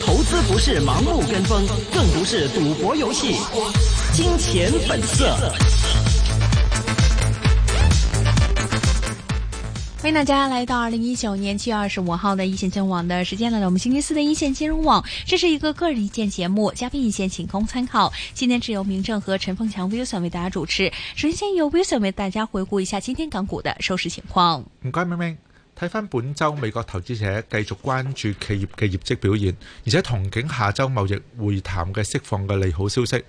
投資不是盲目跟風，更不是賭博遊戲，金錢本色。歡迎大家來到二零一九年七月二十五號的一線金融網的時間，來到我們星期四的一線金融網，這是一個個人意見節目，嘉賓意見僅供參考。今天是由明正和陳鳳強 Wilson 為大家主持。首先由 Wilson 為大家回顧一下今天港股的收市情況。唔該，明明。睇翻本周美國投資者繼續關注企業嘅業績表現，而且憧憬下周貿易會談嘅釋放嘅利好消息。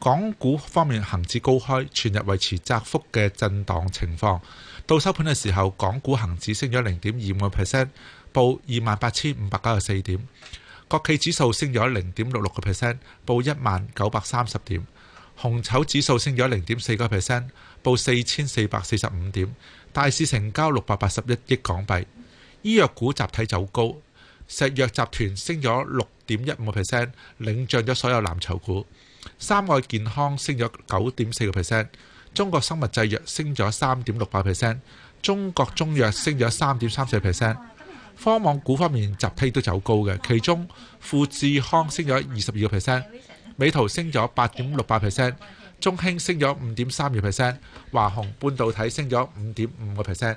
港股方面恒指高開，全日維持窄幅嘅震盪情況。到收盤嘅時候，港股恒指升咗零點二五個 percent，報二萬八千五百九十四點；國企指數升咗零點六六個 percent，報一萬九百三十點；紅籌指數升咗零點四個 percent，報四千四百四十五點。大市成交六百八十一億港幣，醫藥股集體走高，石藥集團升咗六點一五個 percent，領漲咗所有藍籌股；三愛健康升咗九點四個 percent，中國生物製藥升咗三點六八 percent，中國中藥升咗三點三四 percent。科網股方面，集體都走高嘅，其中富智康升咗二十二個 percent，美圖升咗八點六八 percent。中興升咗五點三二 percent，華虹半導體升咗五點五個 percent。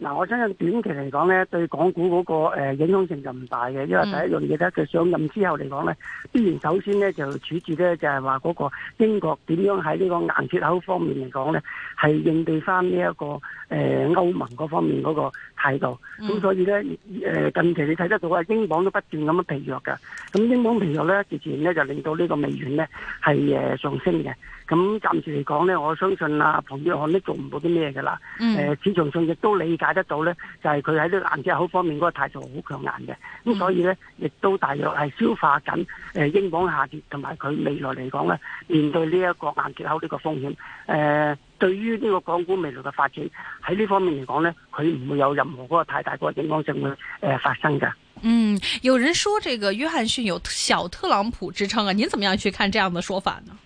嗱，我相信短期嚟講咧，對港股嗰個影響性就唔大嘅，因為第一樣嘢咧，佢上任之後嚟講咧，必然首先咧就處置咧就係話嗰個英國點樣喺呢個硬脫歐方面嚟講咧，係應對翻呢一個誒歐盟嗰方面嗰、那個。喺度，咁、嗯、所以咧，近期你睇得到啊，英鎊都不斷咁樣疲弱嘅，咁英鎊疲弱咧，之前咧就令到呢個美元咧係上升嘅，咁暫時嚟講咧，我相信啊，彭玉翰都做唔到啲咩嘅啦，誒市場上亦都理解得到咧，就係佢喺呢個硬接口方面嗰個態度好強硬嘅，咁所以咧亦都大約係消化緊英鎊下跌，同埋佢未來嚟講咧面對呢一個硬接口呢個風險對於呢個港股未來嘅發展喺呢方面嚟講咧，佢唔會有任何嗰個太大嗰個影響性嘅誒、呃、發生嘅。嗯，有人說這個約翰遜有小特朗普之稱啊，您怎麼樣去看這樣的說法呢？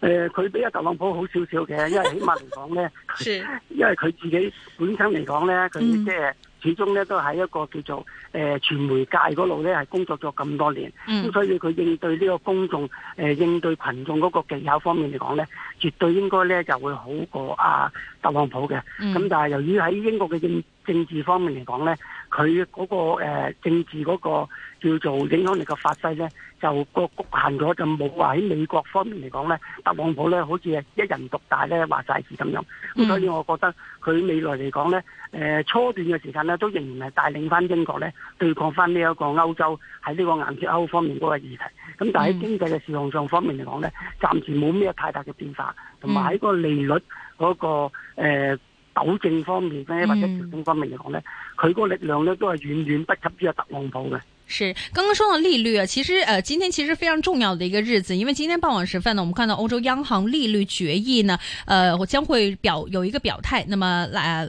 誒、呃，佢比阿特朗普好少少嘅，因為起碼嚟講咧， 是因為佢自己本身嚟講咧，佢即係。始終咧都喺一個叫做誒傳、呃、媒界嗰度咧，係工作咗咁多年，咁、嗯、所以佢應對呢個公眾誒、呃、應對群眾嗰個技巧方面嚟講咧，絕對應該咧就會好過阿、啊、特朗普嘅。咁、嗯、但係由於喺英國嘅政政治方面嚟講咧，佢嗰、那個、呃、政治嗰個叫做影響力嘅發揮咧，就個局限咗，就冇話喺美國方面嚟講咧，特朗普咧好似係一人獨大咧，話晒事咁樣。咁、嗯、所以我覺得佢未來嚟講咧，誒、呃、初段嘅時間咧都仍然係帶領翻英國咧，對抗翻呢一個歐洲喺呢個硬脱歐方面嗰個議題。咁但係喺經濟嘅事項上方面嚟講咧，暫時冇咩太大嘅變化，同埋喺個個利率嗰、那個、呃糾正方面咧，或者調整方面嚟講呢，佢嗰個力量呢都係遠遠不及呢個特朗普嘅。是，剛剛說到利率啊，其實誒、呃，今天其實非常重要的一個日子，因為今天傍晚時分呢，我們看到歐洲央行利率決議呢，誒、呃，我將會表有一個表態，那麼來。啊。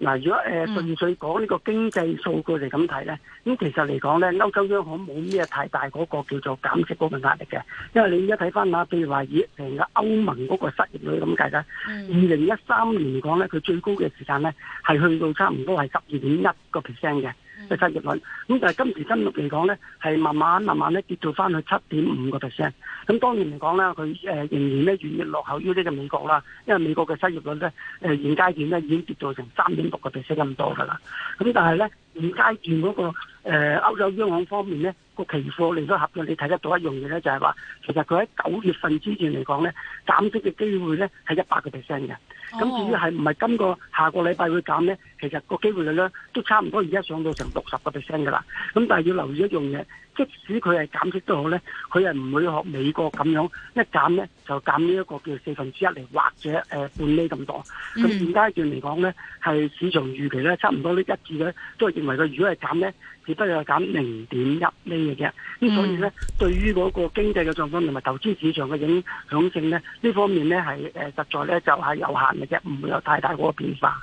嗱，如果誒純粹講呢個經濟數據嚟咁睇咧，咁其實嚟講咧，歐洲央行冇咩太大嗰個叫做減息嗰個壓力嘅，因為你而家睇翻下，譬如話以成個歐盟嗰個失業率咁計咧，二零一三年嚟講咧，佢最高嘅時間咧係去到差唔多係十二點一個 percent 嘅。嘅失業率，咁但係今時今日嚟講咧，係慢慢慢慢咧跌到翻去七點五個 percent。咁當年嚟講咧，佢誒仍然咧遠遠落後於呢個美國啦，因為美國嘅失業率咧誒現階段咧已經跌到成三點六個 percent 咁多噶啦。咁但係咧現階段嗰、那個誒、呃、歐洲央行方面咧個期貨利率合約，你睇得到一樣嘢咧，就係、是、話其實佢喺九月份之前嚟講咧減息嘅機會咧係一百個 percent 嘅。咁至於係唔係今個下個禮拜會減咧，其實個機會率咧都差唔多，而家上到成六十個 percent 嘅啦。咁但係要留意一樣嘢，即使佢係減息都好咧，佢係唔會學美國咁樣一減咧就減呢一個叫四分之一嚟，或者、呃、半厘咁多。咁現階段嚟講咧，係市場預期咧差唔多一呢一致咧，都係認為佢如果係減咧，只不過係減零點一厘嘅啫。咁所以咧，對於嗰個經濟嘅狀況同埋投資市場嘅影響性咧，呢方面咧係誒實在咧就係、是、有限。唔會有太大嗰個變化。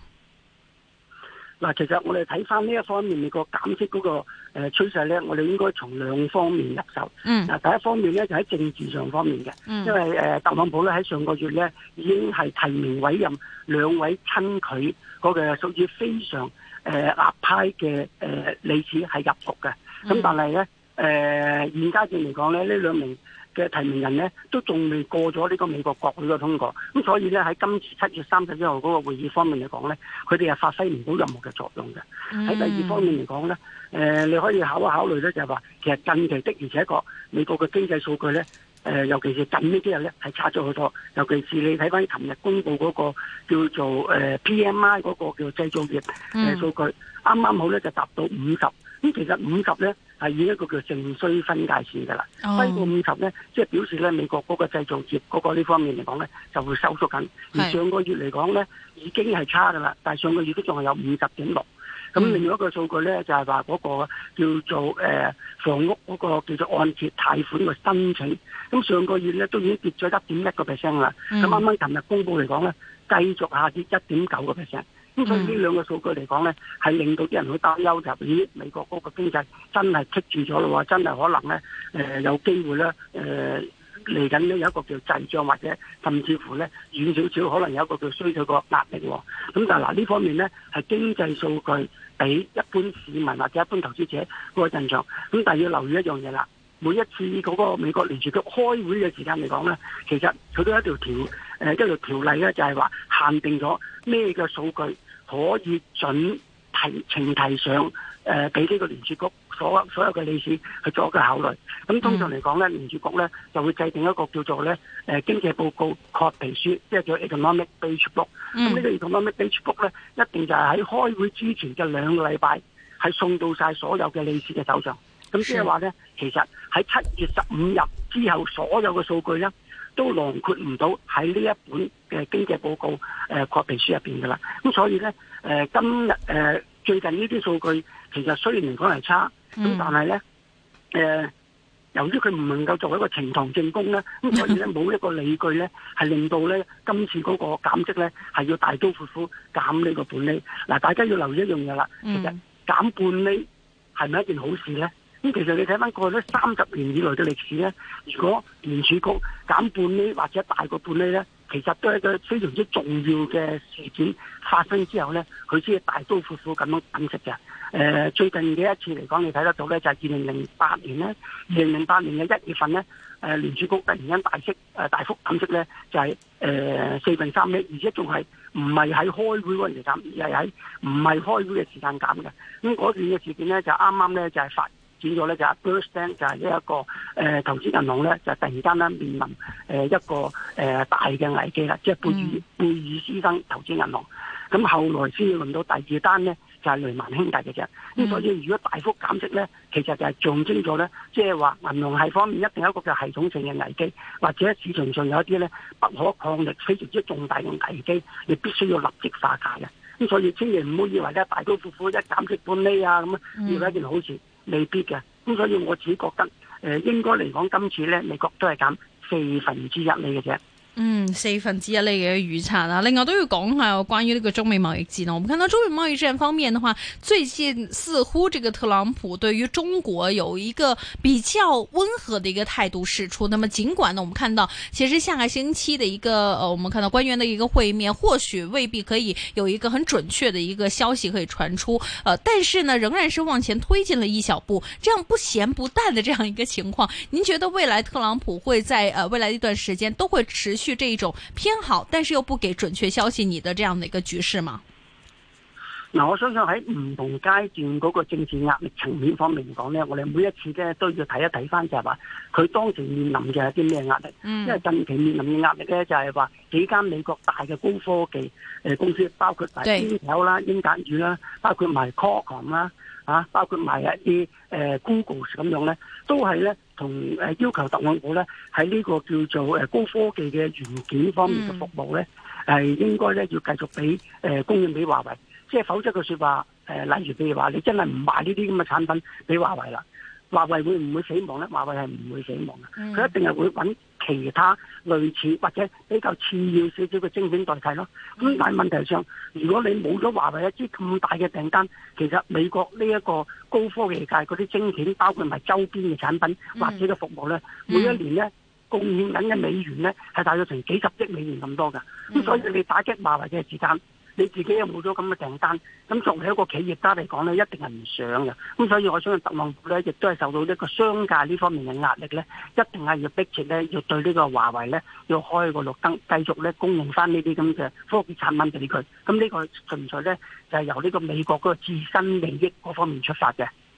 嗱，其實我哋睇翻呢一方面，你個減息嗰個誒趨勢咧，我哋應該從兩方面入手。嗯，啊，第一方面咧就喺、是、政治上方面嘅，嗯、因為誒特朗普咧喺上個月咧已經係提名委任兩位親佢嗰嘅，那個、屬於非常誒鴿、呃、派嘅誒、呃、理事係入局嘅。咁、嗯、但係咧誒現階段嚟講咧，呢兩名嘅提名人咧都仲未過咗呢個美國國會嘅通過，咁所以咧喺今次七月三十一號嗰個會議方面嚟講咧，佢哋係發揮唔到任何嘅作用嘅。喺、mm. 第二方面嚟講咧，誒、呃、你可以考一考慮咧，就係、是、話其實近期的而且確美國嘅經濟數據咧，誒、呃、尤其是近日呢幾日咧係差咗好多，尤其是你睇翻琴日公布嗰、那個呃、個叫做誒 PMI 嗰個叫製造業嘅、呃 mm. 數據，啱啱好咧就達到五十，咁其實五十咧。係以一個叫盛衰分界線嘅啦，低過五十咧，即係表示咧美國嗰個製造業嗰個呢方面嚟講咧就會收縮緊。而上個月嚟講咧已經係差嘅啦，但係上個月都仲係有五十點六。咁另外一個數據咧就係話嗰個叫做誒、呃、房屋嗰個叫做按揭貸款嘅申請，咁上個月咧都已經跌咗一點一個 percent 啦。咁啱啱琴日公布嚟講咧，繼續下跌一點九個 percent。咁所以呢兩個數據嚟講呢，係令到啲人去擔憂就咦、是、美國國嗰個經濟真係棘住咗咯喎，真係可能呢，誒、呃、有機會呢誒嚟緊咧有一個叫滯脹或者甚至乎呢遠少少可能有一個叫衰退個壓力喎。咁、嗯、但係嗱呢方面呢，係經濟數據俾一般市民或者一般投資者個印象，咁但係要留意一樣嘢啦。每一次嗰個美國聯儲局開會嘅時間嚟講咧，其實佢都有一條條誒一條條例咧，就係話限定咗咩嘅數據可以準提前提上誒，俾、呃、呢個聯儲局所所有嘅理事去做一個考慮。咁通常嚟講咧，mm. 聯儲局咧就會制定一個叫做咧誒經濟報告確定書，即係叫 economic beige book。咁呢、mm. 個 economic beige book 咧一定就係喺開會之前嘅兩個禮拜，係送到晒所有嘅理事嘅手上。咁即係話咧，其實喺七月十五日之後，所有嘅數據咧都囊括唔到喺呢一本嘅經濟報告誒，確、呃、認書入邊噶啦。咁所以咧，誒今日誒最近呢啲數據，其實雖然嚟講係差，咁但係咧，誒、嗯呃、由於佢唔能夠作為一個呈堂證供咧，咁所以咧冇一個理據咧，係令到咧今次嗰個減息咧係要大刀闊斧減呢個半厘。嗱，大家要留意一樣嘢啦，其實減半厘係咪一件好事咧？咁其實你睇翻過去三十年以來嘅歷史咧，如果聯儲局減半厘呢，或者大過半厘呢咧，其實都係一個非常之重要嘅事件發生之後咧，佢先大刀闊斧咁樣減息嘅。誒、呃，最近嘅一次嚟講，你睇得到咧，就係二零零八年咧，二零零八年嘅一月份咧，誒、呃、聯儲局突然間大息誒大幅減息咧，就係誒四分三一厘，而且仲係唔係喺開會嗰陣時減，而係喺唔係開會嘅時間減嘅。咁、嗯、嗰段嘅事件咧，就啱啱咧就係、是、發。主要咧就係 Bear Stearns 就係一個誒投資銀行咧，就突然間咧面臨誒一個誒大嘅危機啦，即係貝爾貝爾斯登投資銀行。咁後來先至輪到第二單咧，就係雷曼兄弟嘅啫。咁所以如果大幅減息咧，其實就係象徵咗咧，即係話銀行係方面一定有一個嘅系統性嘅危機，或者市場上有一啲咧，不可抗力非常之重大嘅危機，你必須要立即化解嘅。咁所以千祈唔好以為咧大刀闊斧一減息半釐啊咁樣，要係一件好事。未必嘅，咁所以我自己覺得，誒、呃、應該嚟講，今次咧美國都係減四分之一厘嘅啫。 嗯，四分之一呢的預測啊，另外都還有講下關於這個中美貿易戰呢，我們看到中美貿易戰方面的話，最近似乎這個特朗普對於中國有一個比較溫和的一個態度示出。那麼儘管呢，我們看到其實下個星期的一個，呃，我們看到官員的一個會面，或許未必可以有一個很準確的一個消息可以傳出。呃，但是呢，仍然是往前推進了一小步。這樣不鹹不淡的這樣一個情況，您覺得未來特朗普會在，呃，未來的一段時間都會持續，去這一種偏好，但是又不給準確消息，你的這樣的一個局勢嗎？嗱、嗯，我相信喺唔同階段嗰個政治壓力層面方面嚟講咧，我哋每一次咧都要睇一睇翻就係話，佢當前面臨嘅一啲咩壓力？因為近期面臨嘅壓力咧就係話幾間美國大嘅高科技誒公司，包括大對英特啦、英產軟啦，包括埋 Qualcomm 啦。啊，包括埋一啲、呃、Google 咁樣咧，都係咧同要求特朗普咧喺呢個叫做高科技嘅軟件方面嘅服務咧，係、嗯、應該咧要繼續俾誒、呃、供應俾華為，即係否則嘅、呃、說話誒，例如譬如話你真係唔賣呢啲咁嘅產品俾華為啦。華為會唔會死亡呢？華為係唔會死亡嘅，佢、嗯、一定係會揾其他類似或者比較次要少少嘅晶片代替咯。咁、嗯、但係問題上，如果你冇咗華為一支咁大嘅訂單，其實美國呢一個高科技界嗰啲晶片，包括埋周邊嘅產品或者嘅服務呢，每一年呢貢獻緊嘅美元呢，係大約成幾十億美元咁多㗎。咁、嗯、所以你打擊華為嘅時間。你自己又冇咗咁嘅訂單，咁作為一個企業家嚟講咧，一定係唔想嘅。咁所以，我相信特朗普咧，亦都係受到呢個商界呢方面嘅壓力咧，一定係要逼切咧，要對呢個華為咧，要開個綠燈，繼續咧供應翻呢啲咁嘅科技產品俾佢。咁呢個純粹咧，就係由呢個美國嗰個自身利益嗰方面出發嘅。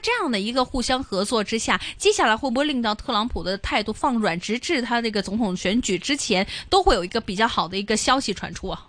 這樣的一個互相合作之下，接下來會不會令到特朗普的態度放軟，直至他那個總統選舉之前，都會有一個比較好的一個消息傳出啊？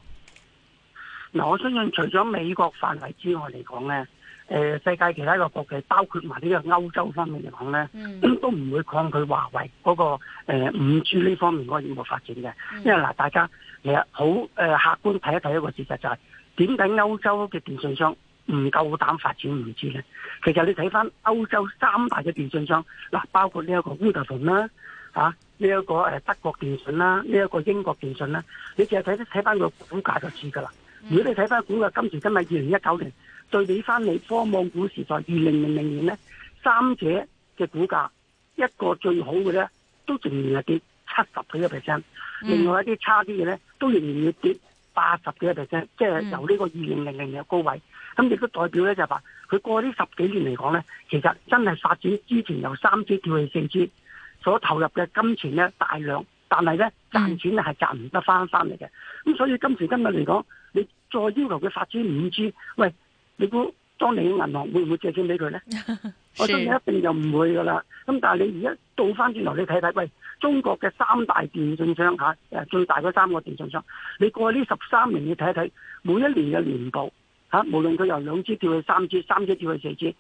嗱，我相信除咗美國範圍之外嚟講咧，誒、呃，世界其他一個國家，包括埋呢個歐洲方面嚟講咧，嗯、都唔會抗拒華為嗰、那個誒、呃、五 G 呢方面嗰個業務發展嘅，嗯、因為嗱，大家其實好誒、呃、客觀睇一睇一個事實就係、是，點解歐洲嘅電信商？唔夠膽發展唔知咧，其實你睇翻歐洲三大嘅電信商，嗱，包括呢一個 Vodafone 啦，啊呢一個誒德國電信啦，呢、啊、一、個英國電信啦，你淨係睇睇翻個股價就知噶啦。嗯、如果你睇翻股價今時今日二零一九年，對比翻你科網股時代，二零零零年咧，三者嘅股價一個最好嘅咧都仍然係跌七十幾個 percent，另外一啲差啲嘅咧都仍然要跌。八十幾個 percent，即係由呢個二零零零嘅高位，咁亦都代表咧就話佢過呢十幾年嚟講咧，其實真係發展之前由三 G 跳去四 G 所投入嘅金錢咧大量，但係咧賺錢咧係賺唔得翻翻嚟嘅，咁所以今時今日嚟講，你再要求佢發展五 G，喂，你估？當你嘅銀行會唔會借錢俾佢咧？ 的嗯、我相信一定就唔會噶啦。咁但係你而家倒翻轉頭你睇睇，喂，中國嘅三大電信商嚇、啊，最大嗰三個電信商，你過去呢十三年你睇一睇，每一年嘅年報嚇、啊，無論佢由兩支跳去三支，三支跳去四支，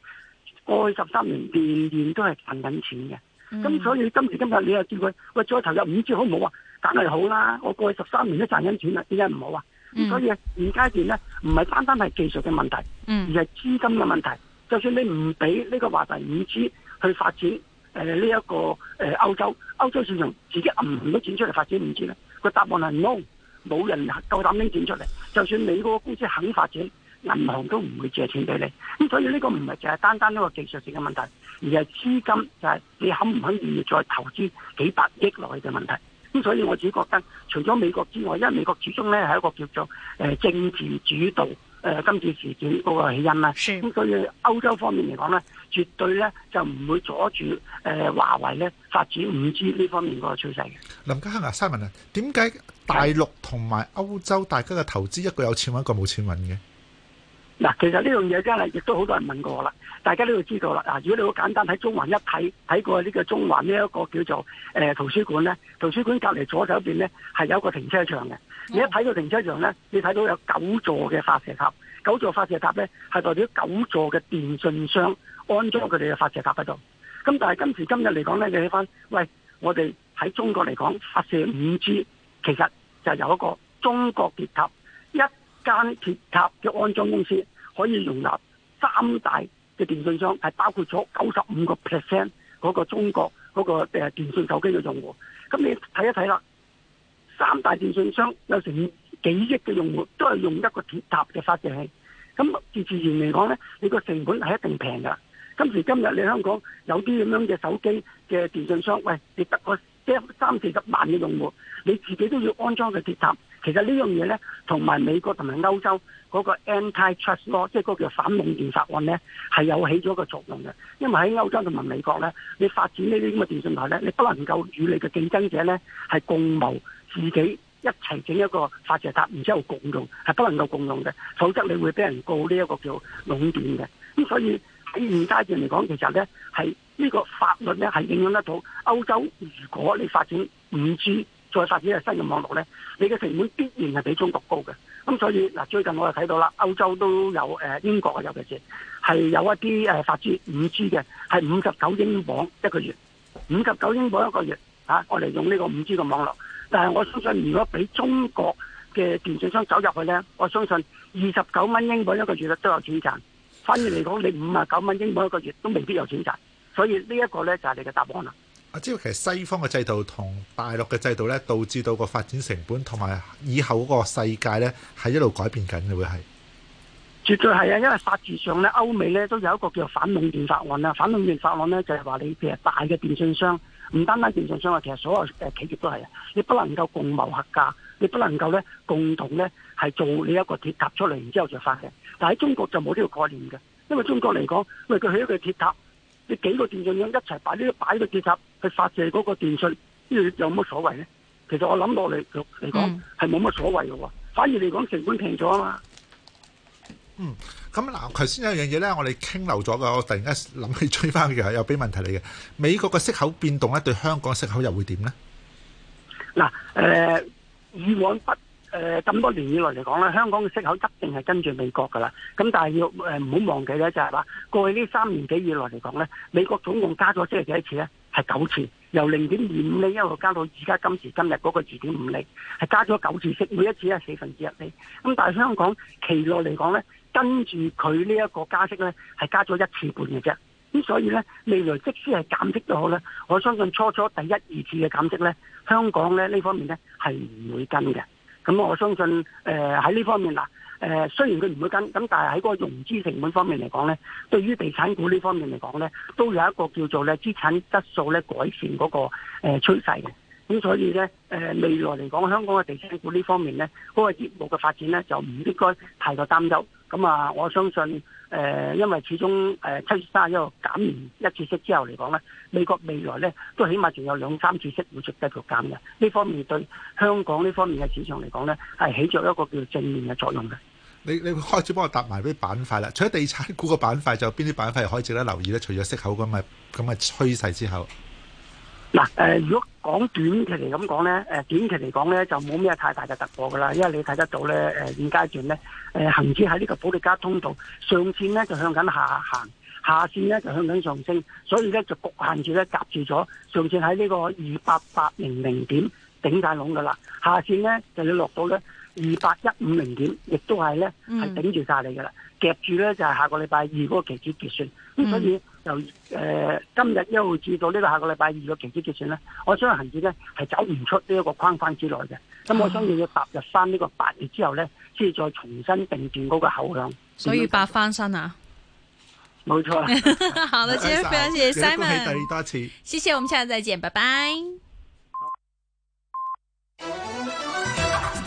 過去十三年年年都係賺緊錢嘅。咁、嗯嗯、所以今時今日你又叫佢喂再投入五支好唔好啊？梗係好啦，我過去十三年都賺緊錢啦，點解唔好啊？所以現階段咧，唔、嗯、係、嗯、單單係技術嘅問題，而係資金嘅問題。就算你唔俾呢個華為五 G 去發展，誒呢一個誒歐、呃、洲歐洲市場自己揞唔到錢出嚟發展五 G 咧，個答案係 no，冇人夠膽拎錢出嚟。就算你嗰個公司肯發展，銀行都唔會借錢俾你。咁所以呢個唔係淨係單單一個技術性嘅問題，而係資金就係、是、你肯唔肯願意再投資幾百億落去嘅問題。咁所以我自己覺得，除咗美國之外，因為美國始終咧係一個叫做誒政治主導誒今次事件嗰個起因啦。咁的所以歐洲方面嚟講咧，絕對咧就唔會阻住誒華為咧發展 5G 呢方面嗰個趨勢嘅。林家亨啊，三文啊，點解大陸同埋歐洲大家嘅投資一個有錢揾，一個冇錢揾嘅？嗱，其實呢樣嘢真係，亦都好多人問過我啦。大家都知道啦。嗱，如果你好簡單喺中環一睇，睇過呢個中環呢一個叫做誒圖書館咧，圖書館隔離左手邊咧係有個停車場嘅。你一睇個停車場咧，你睇到有九座嘅發射塔，九座發射塔咧係代表九座嘅電信商安裝佢哋嘅發射塔喺度。咁但係今時今日嚟講咧，你睇翻，喂，我哋喺中國嚟講發射 5G，其實就有一個中國鐵塔。間鐵塔嘅安裝公司可以容納三大嘅電信商，係包括咗九十五個 percent 嗰個中國嗰個誒電信手機嘅用戶。咁你睇一睇啦，三大電信商有成幾億嘅用戶都係用一個鐵塔嘅發射器。咁自自然嚟講咧，你個成本係一定平噶。今時今日你香港有啲咁樣嘅手機嘅電信商，喂，你得個即三四十萬嘅用戶，你自己都要安裝個鐵塔。其實呢樣嘢呢，同埋美國同埋歐洲嗰個 anti-trust law，即係嗰個叫反壟斷法案呢係有起咗一個作用嘅。因為喺歐洲同埋美國呢，你發展呢啲咁嘅電信台呢，你不能夠與你嘅競爭者呢係共謀，自己一齊整一個發射塔，然之後共用，係不能夠共用嘅，否則你會俾人告呢一個叫壟斷嘅。咁所以喺現階段嚟講，其實呢係呢個法律呢係影響得到歐洲。如果你發展五 G，再發展嘅新嘅網絡呢，你嘅成本必然係比中國高嘅。咁所以嗱，最近我又睇到啦，歐洲都有誒、呃、英國啊，尤其是係有一啲誒發展五 G 嘅，係五十九英鎊一個月，五十九英鎊一個月啊，我哋用呢個五 G 嘅網絡。但係我相信，如果俾中國嘅電信商走入去呢，我相信二十九蚊英鎊一個月都有錢賺。反而嚟講，你五啊九蚊英鎊一個月都未必有錢賺。所以呢一個呢，就係、是、你嘅答案啦。我知道其實西方嘅制度同大陸嘅制度咧，導致到個發展成本同埋以後嗰個世界咧，係一路改變緊嘅，會係？絕對係啊，因為法治上咧，歐美咧都有一個叫做反壟斷法案啊。反壟斷法案咧就係話你譬如大嘅電信商，唔單單電信商啊，其實所有誒企業都係啊，你不能夠共謀合價，你不能夠咧共同咧係做你一個鐵塔出嚟，然之後就發嘅。但喺中國就冇呢個概念嘅，因為中國嚟講，因為佢起一個鐵塔。你幾個電信商一齊擺啲擺啲電去發射嗰個電信，呢樣有乜所謂呢？其實我諗落嚟嚟講係冇乜所謂嘅喎，反而嚟講成本平咗啊嘛嗯。嗯，咁、嗯、嗱，頭先有一樣嘢咧，我哋傾漏咗嘅，我突然間諗起追翻佢，又俾問題嚟嘅。美國嘅息口變動咧，對香港息口又會點呢？嗱、嗯，誒、呃，以往不。誒，咁多年以來嚟講咧，香港嘅息口一定係跟住美國噶啦。咁但係要誒，唔好忘記咧，就係話過去呢三年幾以來嚟講咧，美國總共加咗即係幾多次咧？係九次，由零點二五厘一路加到而家今時今日嗰個二點五厘，係加咗九次息，每一次係四分之一厘。咁但係香港期內嚟講咧，跟住佢呢一個加息咧，係加咗一次半嘅啫。咁所以咧，未來即使係減息都好咧，我相信初初第一二次嘅減息咧，香港咧呢方面咧係唔會跟嘅。咁我相信誒喺呢方面嗱，誒、呃、雖然佢唔會跟，咁但係喺個融資成本方面嚟講咧，對於地產股呢方面嚟講咧，都有一個叫做咧資產質素咧改善嗰個誒趨勢嘅。咁所以咧、呃、未來嚟講，香港嘅地產股呢方面咧，嗰、嗰個業務嘅發展咧就唔應該太過擔憂。咁啊、嗯，我相信誒、呃，因為始終誒七月卅一，減完一次息之後嚟講咧，美國未來咧都起碼仲有兩三次息會繼續減嘅。呢方面對香港呢方面嘅市場嚟講咧，係起咗一個叫正面嘅作用嘅。你你開始幫我答埋啲板塊啦。除咗地產股個板塊，仲有邊啲板塊可以值得留意咧？除咗息口咁嘅咁嘅趨勢之後。嗱，誒，如果講短期嚟咁講咧，誒，短期嚟講咧就冇咩太大嘅突破噶啦，因為你睇得到咧，誒，現階段咧，誒，恆指喺呢個保利加通道，上線咧就向緊下行，下線咧就向緊上升，所以咧就局限住咧夾住咗，上線喺呢個二八八零零點頂曬籠噶啦，下線咧就要落到咧二八一五零點，亦都係咧係頂住晒你噶啦，嗯、夾住咧就係下個禮拜二嗰個期指結算，咁所，所以。嗯就誒、呃，今日一號至到呢個下個禮拜二嘅期指結算咧，我相信恒指咧係走唔出呢一個框框之內嘅。咁我想要要踏入返呢個八月之後咧，先至再重新定轉嗰個後向，所以白翻身啊！冇錯、啊， 好啦，非常謝曬，呢個文，第二多次。謝謝，我們下次再見，拜拜。